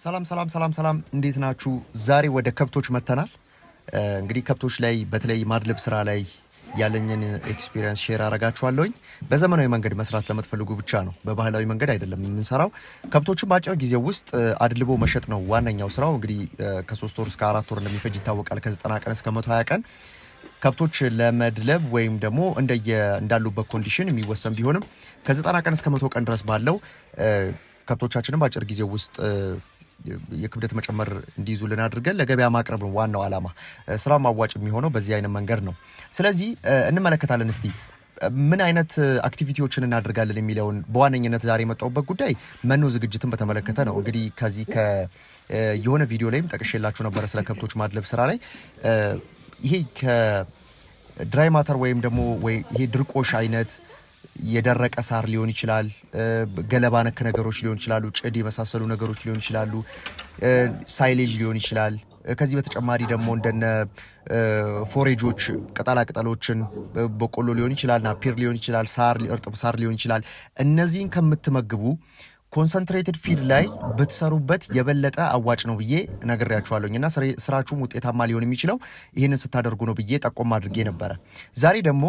ሰላም ሰላም ሰላም ሰላም፣ እንዴት ናችሁ? ዛሬ ወደ ከብቶች መጥተናል። እንግዲህ ከብቶች ላይ በተለይ ማድለብ ስራ ላይ ያለኝን ኤክስፒሪየንስ ሼር አረጋችኋለሁኝ። በዘመናዊ መንገድ መስራት ለምትፈልጉ ብቻ ነው፣ በባህላዊ መንገድ አይደለም የምንሰራው። ከብቶችን በአጭር ጊዜ ውስጥ አድልቦ መሸጥ ነው ዋነኛው ስራው። እንግዲህ ከሶስት ወር እስከ አራት ወር እንደሚፈጅ ይታወቃል። ከዘጠና ቀን እስከ መቶ ሀያ ቀን ከብቶች ለመድለብ ወይም ደግሞ እንደየ እንዳሉበት ኮንዲሽን የሚወሰን ቢሆንም ከዘጠና ቀን እስከ መቶ ቀን ድረስ ባለው ከብቶቻችንም በአጭር ጊዜ ውስጥ የክብደት መጨመር እንዲይዙልን አድርገን ለገበያ ማቅረብ ነው ዋናው ዓላማ። ስራ ማዋጭ የሚሆነው በዚህ አይነት መንገድ ነው። ስለዚህ እንመለከታለን እስቲ ምን አይነት አክቲቪቲዎችን እናደርጋለን የሚለውን በዋነኝነት ዛሬ የመጣሁበት ጉዳይ መኖ ዝግጅትን በተመለከተ ነው። እንግዲህ ከዚህ የሆነ ቪዲዮ ላይም ጠቅሼላችሁ ነበረ ስለ ከብቶች ማድለብ ስራ ላይ ይሄ ከድራይ ማተር ወይም ደግሞ ይሄ ድርቆሽ አይነት የደረቀ ሳር ሊሆን ይችላል፣ ገለባ ነክ ነገሮች ሊሆን ይችላሉ፣ ጭድ የመሳሰሉ ነገሮች ሊሆን ይችላሉ፣ ሳይሌጅ ሊሆን ይችላል። ከዚህ በተጨማሪ ደግሞ እንደነ ፎሬጆች ቅጠሎችን በቆሎ ሊሆን ይችላል፣ ናፒር ሊሆን ይችላል፣ ሳር እርጥብ ሳር ሊሆን ይችላል። እነዚህን ከምትመግቡ ኮንሰንትሬትድ ፊድ ላይ ብትሰሩበት የበለጠ አዋጭ ነው ብዬ ነግሬያችኋለሁኝ እና ስራችሁም ውጤታማ ሊሆን የሚችለው ይህንን ስታደርጉ ነው ብዬ ጠቆም አድርጌ ነበረ። ዛሬ ደግሞ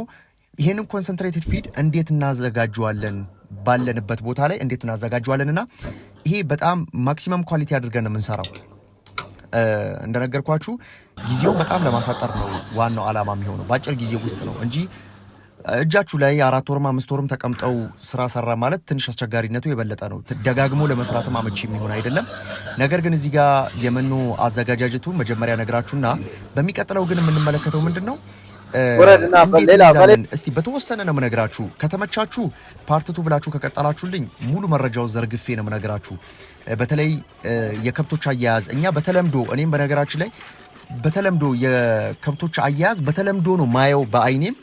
ይህንን ኮንሰንትሬትድ ፊድ እንዴት እናዘጋጀዋለን ባለንበት ቦታ ላይ እንዴት እናዘጋጀዋለን እና ይሄ በጣም ማክሲመም ኳሊቲ አድርገን የምንሰራው እንደነገርኳችሁ ጊዜው በጣም ለማሳጠር ነው ዋናው ዓላማ የሚሆነው በአጭር ጊዜ ውስጥ ነው እንጂ እጃችሁ ላይ አራት ወርም አምስት ወርም ተቀምጠው ስራ ሰራ ማለት ትንሽ አስቸጋሪነቱ የበለጠ ነው። ደጋግሞ ለመስራትም አመቺ የሚሆን አይደለም። ነገር ግን እዚህ ጋር የመኖ አዘጋጃጀቱ መጀመሪያ ነግራችሁና በሚቀጥለው ግን የምንመለከተው ምንድን ነው እስቲ በተወሰነ ነው የምነግራችሁ። ከተመቻችሁ ፓርትቱ ብላችሁ ከቀጠላችሁልኝ ሙሉ መረጃው ዘርግፌ ነው የምነግራችሁ። በተለይ የከብቶች አያያዝ እኛ በተለምዶ እኔም በነገራችን ላይ በተለምዶ የከብቶች አያያዝ በተለምዶ ነው ማየው በአይኔም።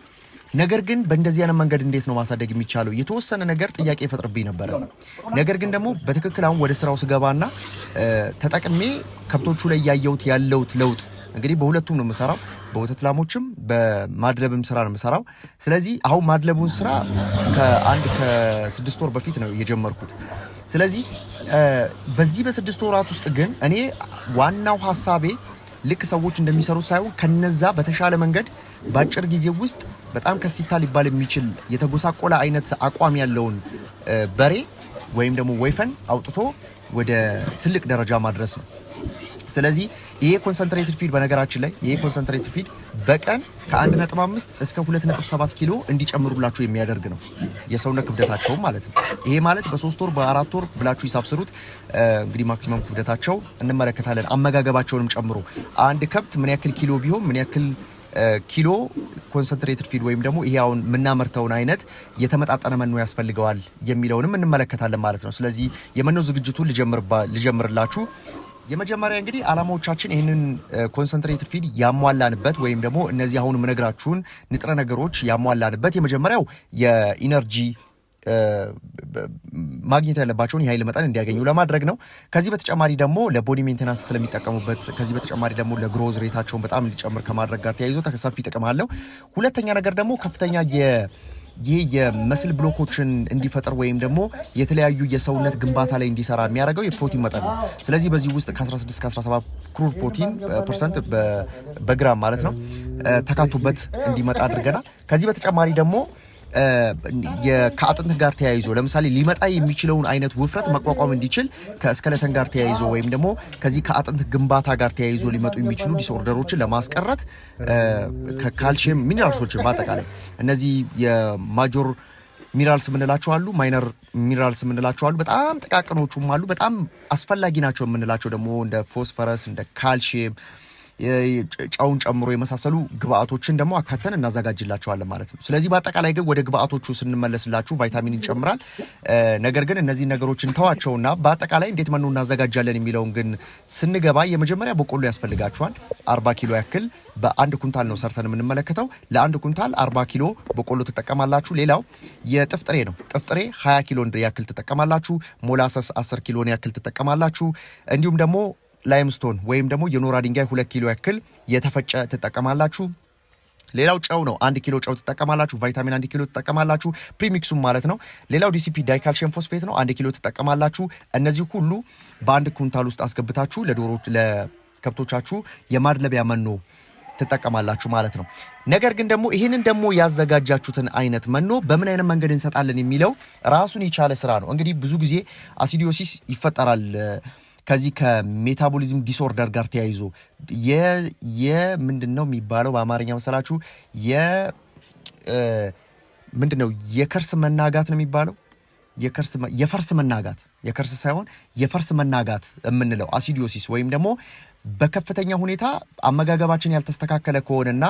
ነገር ግን በእንደዚህ አይነት መንገድ እንዴት ነው ማሳደግ የሚቻለው? የተወሰነ ነገር ጥያቄ ይፈጥርብኝ ነበረ። ነገር ግን ደግሞ በትክክል አሁን ወደ ስራው ስገባና ተጠቅሜ ከብቶቹ ላይ እያየሁት ያለሁት ለውጥ እንግዲህ በሁለቱም ነው የምሰራው፣ በወተት ላሞችም በማድለብም ስራ ነው የምሰራው። ስለዚህ አሁን ማድለቡን ስራ ከአንድ ከስድስት ወር በፊት ነው የጀመርኩት። ስለዚህ በዚህ በስድስት ወራት ውስጥ ግን እኔ ዋናው ሀሳቤ ልክ ሰዎች እንደሚሰሩት ሳይሆን ከነዛ በተሻለ መንገድ በአጭር ጊዜ ውስጥ በጣም ከሲታ ሊባል የሚችል የተጎሳቆለ አይነት አቋም ያለውን በሬ ወይም ደግሞ ወይፈን አውጥቶ ወደ ትልቅ ደረጃ ማድረስ ነው። ስለዚህ ይሄ ኮንሰንትሬትድ ፊድ በነገራችን ላይ ይሄ ኮንሰንትሬትድ ፊድ በቀን ከ1.5 እስከ 2.7 ኪሎ ብላችሁ የሚያደርግ ነው። የሰውነት ክብደታቸው ማለት ነው። ይሄ ማለት በሶስት ወር በአራት ወር ብላችሁ ሂሳብ ስሩት። እንግዲህ ማክሲመም ክብደታቸው እንመለከታለን፣ አመጋገባቸውንም ጨምሮ አንድ ከብት ምን ያክል ኪሎ ቢሆን ምን ያክል ኪሎ ኮንሰንትሬትድ ፊድ ወይም ደግሞ ይሄ አሁን የምናመርተውን አይነት የተመጣጠነ መኖ ያስፈልገዋል የሚለውንም እንመለከታለን ማለት ነው። ስለዚህ የመኖ ዝግጅቱ ልጀምርላችሁ። የመጀመሪያ እንግዲህ አላማዎቻችን ይህንን ኮንሰንትሬትድ ፊድ ያሟላንበት ወይም ደግሞ እነዚህ አሁን የምነግራችሁን ንጥረ ነገሮች ያሟላንበት የመጀመሪያው የኢነርጂ ማግኘት ያለባቸውን የኃይል መጠን እንዲያገኙ ለማድረግ ነው። ከዚህ በተጨማሪ ደግሞ ለቦዲ ሜንቴናንስ ስለሚጠቀሙበት፣ ከዚህ በተጨማሪ ደግሞ ለግሮዝ ሬታቸውን በጣም እንዲጨምር ከማድረግ ጋር ተያይዞ ሰፊ ጥቅም አለው። ሁለተኛ ነገር ደግሞ ከፍተኛ ይህ የመስል ብሎኮችን እንዲፈጥር ወይም ደግሞ የተለያዩ የሰውነት ግንባታ ላይ እንዲሰራ የሚያደርገው የፕሮቲን መጠን ነው። ስለዚህ በዚህ ውስጥ ከ16 እስከ 17 ክሩር ፕሮቲን ፐርሰንት በግራም ማለት ነው ተካቶበት እንዲመጣ አድርገናል። ከዚህ በተጨማሪ ደግሞ ከአጥንት ጋር ተያይዞ ለምሳሌ ሊመጣ የሚችለውን አይነት ውፍረት መቋቋም እንዲችል ከእስከለተን ጋር ተያይዞ ወይም ደግሞ ከዚህ ከአጥንት ግንባታ ጋር ተያይዞ ሊመጡ የሚችሉ ዲስኦርደሮችን ለማስቀረት ከካልሽየም ሚኔራልሶችን በአጠቃላይ እነዚህ የማጆር ሚኒራልስ የምንላቸው አሉ። ማይነር ሚኒራልስ የምንላቸው አሉ። በጣም ጥቃቅኖቹም አሉ። በጣም አስፈላጊ ናቸው የምንላቸው ደግሞ እንደ ፎስፈረስ እንደ ካልሽየም ጨውን ጨምሮ የመሳሰሉ ግብአቶችን ደግሞ አካተን እናዘጋጅላቸዋለን ማለት ነው። ስለዚህ በአጠቃላይ ግን ወደ ግብአቶቹ ስንመለስላችሁ ቫይታሚን ይጨምራል። ነገር ግን እነዚህ ነገሮችን ተዋቸውና በአጠቃላይ እንዴት መኖ እናዘጋጃለን የሚለውን ግን ስንገባ የመጀመሪያ በቆሎ ያስፈልጋችኋል። አርባ ኪሎ ያክል በአንድ ኩንታል ነው ሰርተን የምንመለከተው። ለአንድ ኩንታል አርባ ኪሎ በቆሎ ትጠቀማላችሁ። ሌላው የጥፍጥሬ ነው። ጥፍጥሬ 20 ሀያ ኪሎ ያክል ትጠቀማላችሁ። ሞላሰስ አስር ኪሎን ያክል ትጠቀማላችሁ። እንዲሁም ደግሞ ላይምስቶን ወይም ደግሞ የኖራ ድንጋይ ሁለት ኪሎ ያክል የተፈጨ ትጠቀማላችሁ። ሌላው ጨው ነው። አንድ ኪሎ ጨው ትጠቀማላችሁ። ቫይታሚን አንድ ኪሎ ትጠቀማላችሁ፣ ፕሪሚክሱም ማለት ነው። ሌላው ዲሲፒ ዳይካልሽየም ፎስፌት ነው። አንድ ኪሎ ትጠቀማላችሁ። እነዚህ ሁሉ በአንድ ኩንታል ውስጥ አስገብታችሁ ለዶሮ ለከብቶቻችሁ የማድለቢያ መኖ ትጠቀማላችሁ ማለት ነው። ነገር ግን ደግሞ ይህንን ደግሞ ያዘጋጃችሁትን አይነት መኖ በምን አይነት መንገድ እንሰጣለን የሚለው ራሱን የቻለ ስራ ነው። እንግዲህ ብዙ ጊዜ አሲዲዮሲስ ይፈጠራል ከዚህ ከሜታቦሊዝም ዲስኦርደር ጋር ተያይዞ የምንድን ነው የሚባለው በአማርኛ መሰላችሁ? ምንድን ነው የከርስ መናጋት ነው የሚባለው የፈርስ መናጋት የከርስ ሳይሆን የፈርስ መናጋት የምንለው አሲዲዮሲስ ወይም ደግሞ በከፍተኛ ሁኔታ አመጋገባችን ያልተስተካከለ ከሆነና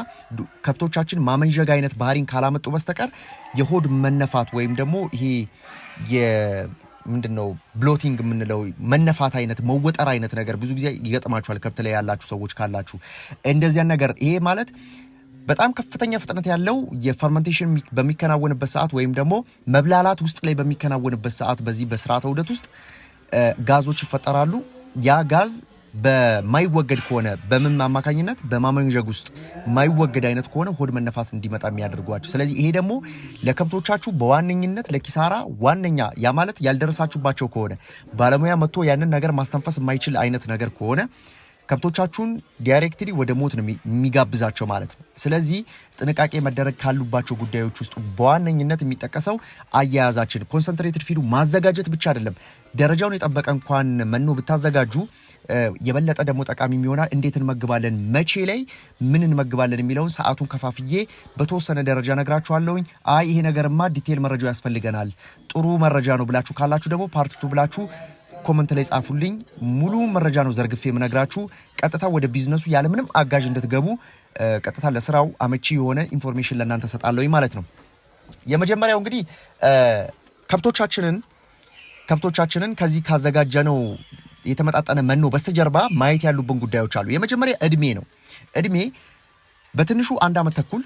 ከብቶቻችን ማመንዠግ አይነት ባህሪን ካላመጡ በስተቀር የሆድ መነፋት ወይም ደግሞ ይሄ ምንድን ነው ብሎቲንግ የምንለው መነፋት አይነት መወጠር አይነት ነገር ብዙ ጊዜ ይገጥማችኋል። ከብት ላይ ያላችሁ ሰዎች ካላችሁ እንደዚያን ነገር ይሄ ማለት በጣም ከፍተኛ ፍጥነት ያለው የፈርመንቴሽን በሚከናወንበት ሰዓት ወይም ደግሞ መብላላት ውስጥ ላይ በሚከናወንበት ሰዓት በዚህ በስርዓተ ውህደት ውስጥ ጋዞች ይፈጠራሉ። ያ ጋዝ በማይወገድ ከሆነ በምን አማካኝነት በማመንዠግ ውስጥ ማይወገድ አይነት ከሆነ ሆድ መነፋስ እንዲመጣ የሚያደርጓቸው። ስለዚህ ይሄ ደግሞ ለከብቶቻችሁ በዋነኝነት ለኪሳራ ዋነኛ ያ ማለት ያልደረሳችሁባቸው ከሆነ ባለሙያ መጥቶ ያንን ነገር ማስተንፈስ የማይችል አይነት ነገር ከሆነ ከብቶቻችሁን ዳይሬክትሊ ወደ ሞት ነው የሚጋብዛቸው ማለት ነው። ስለዚህ ጥንቃቄ መደረግ ካሉባቸው ጉዳዮች ውስጥ በዋነኝነት የሚጠቀሰው አያያዛችን፣ ኮንሰንትሬትድ ፊዱ ማዘጋጀት ብቻ አይደለም። ደረጃውን የጠበቀ እንኳን መኖ ብታዘጋጁ የበለጠ ደግሞ ጠቃሚ የሚሆናል። እንዴት እንመግባለን፣ መቼ ላይ ምን እንመግባለን የሚለውን ሰዓቱን ከፋፍዬ በተወሰነ ደረጃ ነግራችኋለሁኝ። አይ ይሄ ነገርማ ዲቴል መረጃው ያስፈልገናል ጥሩ መረጃ ነው ብላችሁ ካላችሁ ደግሞ ቱ ብላችሁ ኮመንት ላይ ጻፉልኝ። ሙሉ መረጃ ነው ዘርግፌ የምነግራችሁ። ቀጥታ ወደ ቢዝነሱ ያለምንም አጋዥ እንድትገቡ ቀጥታ ለስራው አመቺ የሆነ ኢንፎርሜሽን ለእናንተ ሰጣለሁ ማለት ነው። የመጀመሪያው እንግዲህ ከብቶቻችንን ከብቶቻችንን ከዚህ ካዘጋጀነው የተመጣጠነ መኖ በስተጀርባ ማየት ያሉብን ጉዳዮች አሉ። የመጀመሪያ እድሜ ነው። እድሜ በትንሹ አንድ ዓመት ተኩል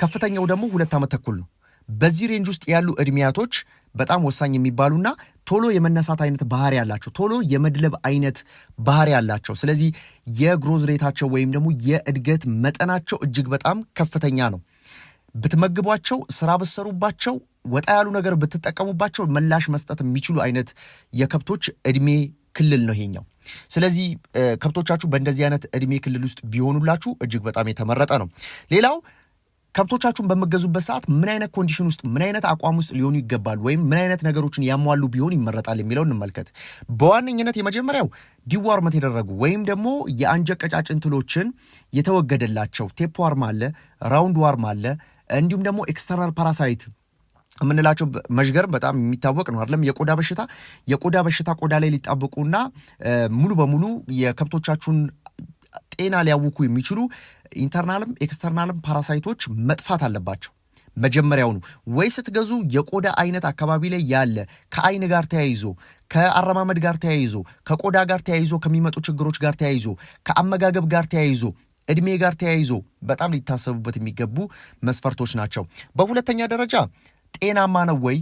ከፍተኛው ደግሞ ሁለት ዓመት ተኩል ነው። በዚህ ሬንጅ ውስጥ ያሉ እድሜያቶች በጣም ወሳኝ የሚባሉና ቶሎ የመነሳት አይነት ባህሪ ያላቸው፣ ቶሎ የመድለብ አይነት ባህሪ ያላቸው። ስለዚህ የግሮዝ ሬታቸው ወይም ደግሞ የእድገት መጠናቸው እጅግ በጣም ከፍተኛ ነው። ብትመግቧቸው፣ ስራ ብትሰሩባቸው፣ ወጣ ያሉ ነገር ብትጠቀሙባቸው ምላሽ መስጠት የሚችሉ አይነት የከብቶች እድሜ ክልል ነው ይሄኛው። ስለዚህ ከብቶቻችሁ በእንደዚህ አይነት እድሜ ክልል ውስጥ ቢሆኑላችሁ እጅግ በጣም የተመረጠ ነው። ሌላው ከብቶቻችሁን በመገዙበት ሰዓት ምን አይነት ኮንዲሽን ውስጥ ምን አይነት አቋም ውስጥ ሊሆኑ ይገባል ወይም ምን አይነት ነገሮችን ያሟሉ ቢሆን ይመረጣል የሚለው እንመልከት። በዋነኝነት የመጀመሪያው ዲዋርመት የደረጉ ወይም ደግሞ የአንጀት ቀጫጭን ትሎችን የተወገደላቸው ቴፕ ዋርም አለ፣ ራውንድ ዋርም አለ፣ እንዲሁም ደግሞ ኤክስተርናል ፓራሳይት የምንላቸው መዥገር በጣም የሚታወቅ ነው አይደለም? የቆዳ በሽታ የቆዳ በሽታ ቆዳ ላይ ሊጣበቁና ሙሉ በሙሉ የከብቶቻችሁን ጤና ሊያውኩ የሚችሉ ኢንተርናልም ኤክስተርናልም ፓራሳይቶች መጥፋት አለባቸው። መጀመሪያውኑ ወይ ስትገዙ የቆዳ አይነት አካባቢ ላይ ያለ ከአይን ጋር ተያይዞ ከአረማመድ ጋር ተያይዞ ከቆዳ ጋር ተያይዞ ከሚመጡ ችግሮች ጋር ተያይዞ ከአመጋገብ ጋር ተያይዞ እድሜ ጋር ተያይዞ በጣም ሊታሰቡበት የሚገቡ መስፈርቶች ናቸው። በሁለተኛ ደረጃ ጤናማ ነው ወይ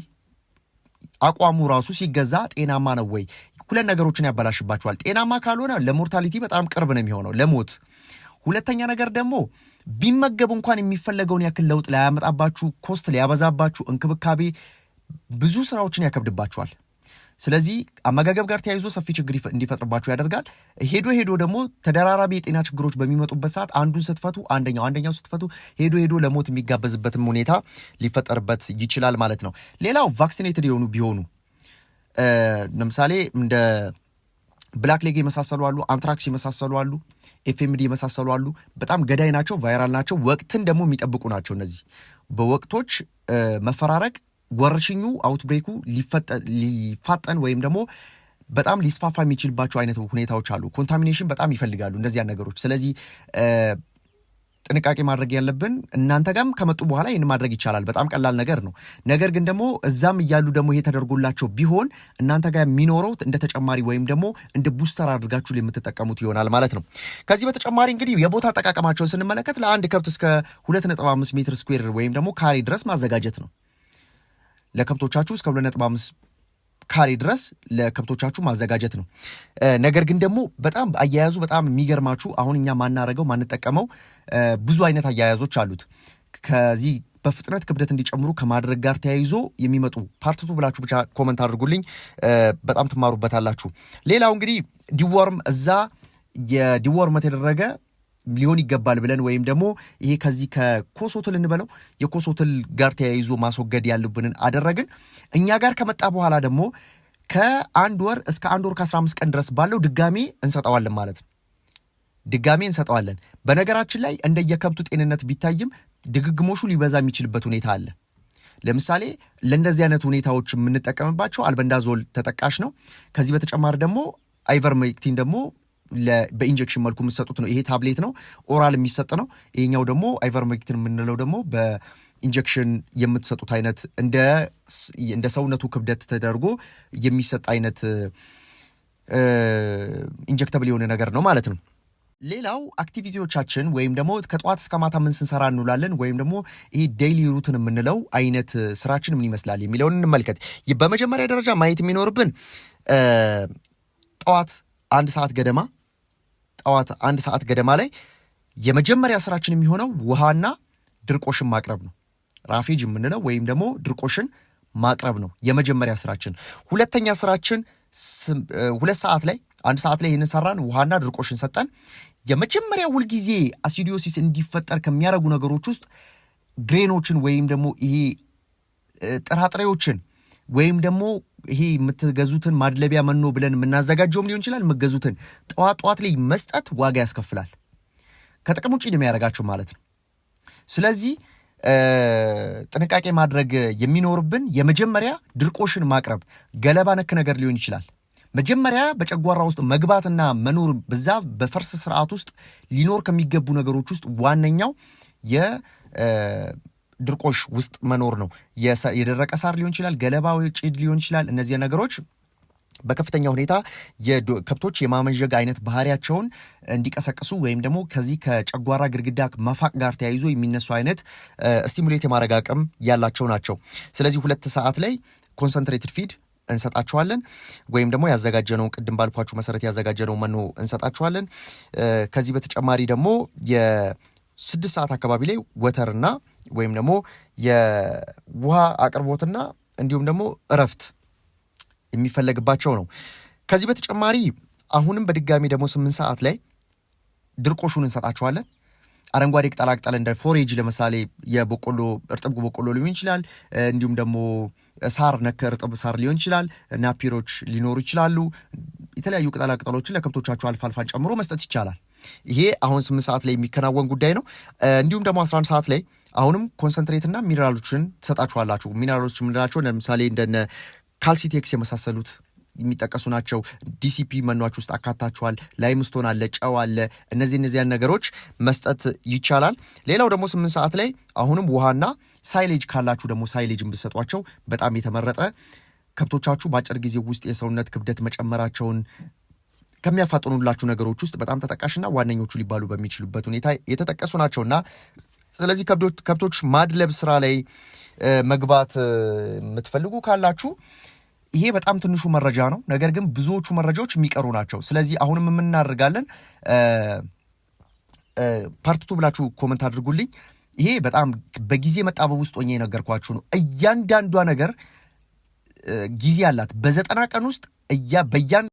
አቋሙ ራሱ ሲገዛ ጤናማ ነው ወይ? ሁለት ነገሮችን ያበላሽባቸዋል። ጤናማ ካልሆነ ለሞርታሊቲ በጣም ቅርብ ነው የሚሆነው ለሞት ሁለተኛ ነገር ደግሞ ቢመገብ እንኳን የሚፈለገውን ያክል ለውጥ ላያመጣባችሁ፣ ኮስት ሊያበዛባችሁ፣ እንክብካቤ ብዙ ስራዎችን ያከብድባችኋል። ስለዚህ አመጋገብ ጋር ተያይዞ ሰፊ ችግር እንዲፈጥርባችሁ ያደርጋል። ሄዶ ሄዶ ደግሞ ተደራራቢ የጤና ችግሮች በሚመጡበት ሰዓት አንዱን ስትፈቱ አንደኛው አንደኛው ስትፈቱ ሄዶ ሄዶ ለሞት የሚጋበዝበትም ሁኔታ ሊፈጠርበት ይችላል ማለት ነው። ሌላው ቫክሲኔትድ የሆኑ ቢሆኑ ለምሳሌ እንደ ብላክ ሌግ የመሳሰሉ አሉ፣ አንትራክስ የመሳሰሉ አሉ፣ ኤፍኤምዲ የመሳሰሉ አሉ። በጣም ገዳይ ናቸው፣ ቫይራል ናቸው፣ ወቅትን ደግሞ የሚጠብቁ ናቸው። እነዚህ በወቅቶች መፈራረቅ ወረሽኙ አውትብሬኩ ሊፋጠን ወይም ደግሞ በጣም ሊስፋፋ የሚችልባቸው አይነት ሁኔታዎች አሉ። ኮንታሚኔሽን በጣም ይፈልጋሉ እነዚያን ነገሮች። ስለዚህ ጥንቃቄ ማድረግ ያለብን እናንተ ጋም ከመጡ በኋላ ይህን ማድረግ ይቻላል። በጣም ቀላል ነገር ነው። ነገር ግን ደግሞ እዛም እያሉ ደግሞ ይሄ ተደርጎላቸው ቢሆን እናንተ ጋር የሚኖረው እንደ ተጨማሪ ወይም ደግሞ እንደ ቡስተር አድርጋችሁ የምትጠቀሙት ይሆናል ማለት ነው። ከዚህ በተጨማሪ እንግዲህ የቦታ አጠቃቀማቸውን ስንመለከት ለአንድ ከብት እስከ 2.5 ሜትር ስኩዌር ወይም ደግሞ ካሬ ድረስ ማዘጋጀት ነው። ለከብቶቻችሁ እስከ 2.5 ካሬ ድረስ ለከብቶቻችሁ ማዘጋጀት ነው። ነገር ግን ደግሞ በጣም አያያዙ በጣም የሚገርማችሁ አሁን እኛ ማናረገው ማንጠቀመው ብዙ አይነት አያያዞች አሉት። ከዚህ በፍጥነት ክብደት እንዲጨምሩ ከማድረግ ጋር ተያይዞ የሚመጡ ፓርትቱ ብላችሁ ብቻ ኮመንት አድርጉልኝ። በጣም ትማሩበታላችሁ። ሌላው እንግዲህ ዲወርም እዛ የዲወርመት የተደረገ ሊሆን ይገባል ብለን ወይም ደግሞ ይሄ ከዚህ ከኮሶትል እንበለው የኮሶትል ጋር ተያይዞ ማስወገድ ያለብንን አደረግን። እኛ ጋር ከመጣ በኋላ ደግሞ ከአንድ ወር እስከ አንድ ወር ከ15 ቀን ድረስ ባለው ድጋሜ እንሰጠዋለን ማለት ነው። ድጋሜ እንሰጠዋለን። በነገራችን ላይ እንደየከብቱ ጤንነት ቢታይም ድግግሞሹ ሊበዛ የሚችልበት ሁኔታ አለ። ለምሳሌ ለእንደዚህ አይነት ሁኔታዎች የምንጠቀምባቸው አልበንዳዞል ተጠቃሽ ነው። ከዚህ በተጨማሪ ደግሞ አይቨርሜክቲን ደግሞ በኢንጀክሽን መልኩ የምትሰጡት ነው። ይሄ ታብሌት ነው፣ ኦራል የሚሰጥ ነው። ይሄኛው ደግሞ አይቨርሜክትን የምንለው ደግሞ በኢንጀክሽን የምትሰጡት አይነት እንደ ሰውነቱ ክብደት ተደርጎ የሚሰጥ አይነት ኢንጀክተብል የሆነ ነገር ነው ማለት ነው። ሌላው አክቲቪቲዎቻችን ወይም ደግሞ ከጠዋት እስከ ማታ ምን ስንሰራ እንውላለን ወይም ደግሞ ይሄ ዴይሊ ሩትን የምንለው አይነት ስራችን ምን ይመስላል የሚለውን እንመልከት። በመጀመሪያ ደረጃ ማየት የሚኖርብን ጠዋት አንድ ሰዓት ገደማ ጠዋት አንድ ሰዓት ገደማ ላይ የመጀመሪያ ስራችን የሚሆነው ውሃና ድርቆሽን ማቅረብ ነው። ራፌጅ የምንለው ወይም ደግሞ ድርቆሽን ማቅረብ ነው የመጀመሪያ ስራችን። ሁለተኛ ስራችን ሁለት ሰዓት ላይ አንድ ሰዓት ላይ ይህንን ሰራን፣ ውሃና ድርቆሽን ሰጠን። የመጀመሪያ ሁልጊዜ አሲዲዮሲስ እንዲፈጠር ከሚያደርጉ ነገሮች ውስጥ ግሬኖችን ወይም ደግሞ ይሄ ጥራጥሬዎችን ወይም ደግሞ ይሄ የምትገዙትን ማድለቢያ መኖ ብለን የምናዘጋጀውም ሊሆን ይችላል። የምትገዙትን ጠዋት ጠዋት ላይ መስጠት ዋጋ ያስከፍላል። ከጥቅም ውጭ ነው የሚያደርጋችሁ ማለት ነው። ስለዚህ ጥንቃቄ ማድረግ የሚኖርብን የመጀመሪያ ድርቆሽን ማቅረብ ገለባ ነክ ነገር ሊሆን ይችላል። መጀመሪያ በጨጓራ ውስጥ መግባትና መኖር በዛ በፈርስ ስርዓት ውስጥ ሊኖር ከሚገቡ ነገሮች ውስጥ ዋነኛው ድርቆሽ ውስጥ መኖር ነው። የደረቀ ሳር ሊሆን ይችላል፣ ገለባ ጭድ ሊሆን ይችላል። እነዚህ ነገሮች በከፍተኛ ሁኔታ ከብቶች የማመንዠግ አይነት ባህሪያቸውን እንዲቀሰቅሱ ወይም ደግሞ ከዚህ ከጨጓራ ግድግዳ መፋቅ ጋር ተያይዞ የሚነሱ አይነት ስቲሙሌት የማድረግ አቅም ያላቸው ናቸው። ስለዚህ ሁለት ሰዓት ላይ ኮንሰንትሬትድ ፊድ እንሰጣችኋለን ወይም ደግሞ ያዘጋጀነው ቅድም ባልኳችሁ መሰረት ያዘጋጀነው መኖ እንሰጣችኋለን። ከዚህ በተጨማሪ ደግሞ ስድስት ሰዓት አካባቢ ላይ ወተርና ወይም ደግሞ የውሃ አቅርቦትና እንዲሁም ደግሞ እረፍት የሚፈለግባቸው ነው። ከዚህ በተጨማሪ አሁንም በድጋሚ ደግሞ ስምንት ሰዓት ላይ ድርቆሹን እንሰጣቸዋለን። አረንጓዴ ቅጠላቅጠል እንደ ፎሬጅ ለምሳሌ የበቆሎ እርጥብ በቆሎ ሊሆን ይችላል። እንዲሁም ደግሞ ሳር ነክ እርጥብ ሳር ሊሆን ይችላል። ናፒሮች ሊኖሩ ይችላሉ። የተለያዩ ቅጠላ ቅጠሎችን ለከብቶቻቸው አልፋ አልፋን ጨምሮ መስጠት ይቻላል። ይሄ አሁን ስምንት ሰዓት ላይ የሚከናወን ጉዳይ ነው። እንዲሁም ደግሞ አስራ አንድ ሰዓት ላይ አሁንም ኮንሰንትሬትና ሚኔራሎችን ትሰጣችኋላችሁ። ሚኔራሎች ምንድናቸው? ለምሳሌ እንደነ ካልሲቴክስ የመሳሰሉት የሚጠቀሱ ናቸው። ዲሲፒ መኗች ውስጥ አካታችኋል። ላይምስቶን አለ፣ ጨው አለ። እነዚህ እነዚያን ነገሮች መስጠት ይቻላል። ሌላው ደግሞ ስምንት ሰዓት ላይ አሁንም ውሃና ሳይሌጅ ካላችሁ ደግሞ ሳይሌጅ ብሰጧቸው በጣም የተመረጠ ከብቶቻችሁ በአጭር ጊዜ ውስጥ የሰውነት ክብደት መጨመራቸውን ከሚያፋጥኑላችሁ ነገሮች ውስጥ በጣም ተጠቃሽና ዋነኞቹ ሊባሉ በሚችሉበት ሁኔታ የተጠቀሱ ናቸውና ስለዚህ ከብቶች ማድለብ ስራ ላይ መግባት የምትፈልጉ ካላችሁ ይሄ በጣም ትንሹ መረጃ ነው። ነገር ግን ብዙዎቹ መረጃዎች የሚቀሩ ናቸው። ስለዚህ አሁንም የምናደርጋለን ፓርትቱ ብላችሁ ኮመንት አድርጉልኝ። ይሄ በጣም በጊዜ መጣበብ ውስጥ ሆኜ የነገርኳችሁ ነው። እያንዳንዷ ነገር ጊዜ አላት። በዘጠና ቀን ውስጥ እያ በያን